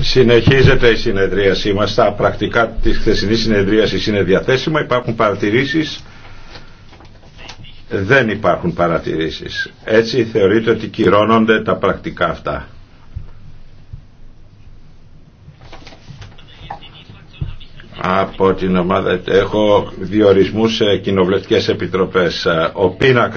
Συνεχίζεται η συνεδρίασή μας. Τα πρακτικά της χθεσινής συνεδρίασης είναι διαθέσιμα. Υπάρχουν παρατηρήσεις. Δεν υπάρχουν παρατηρήσεις. Έτσι θεωρείται ότι κυρώνονται τα πρακτικά αυτά. Από την ομάδα έχω διορισμούς σε κοινοβουλευτικές επιτροπές. Ο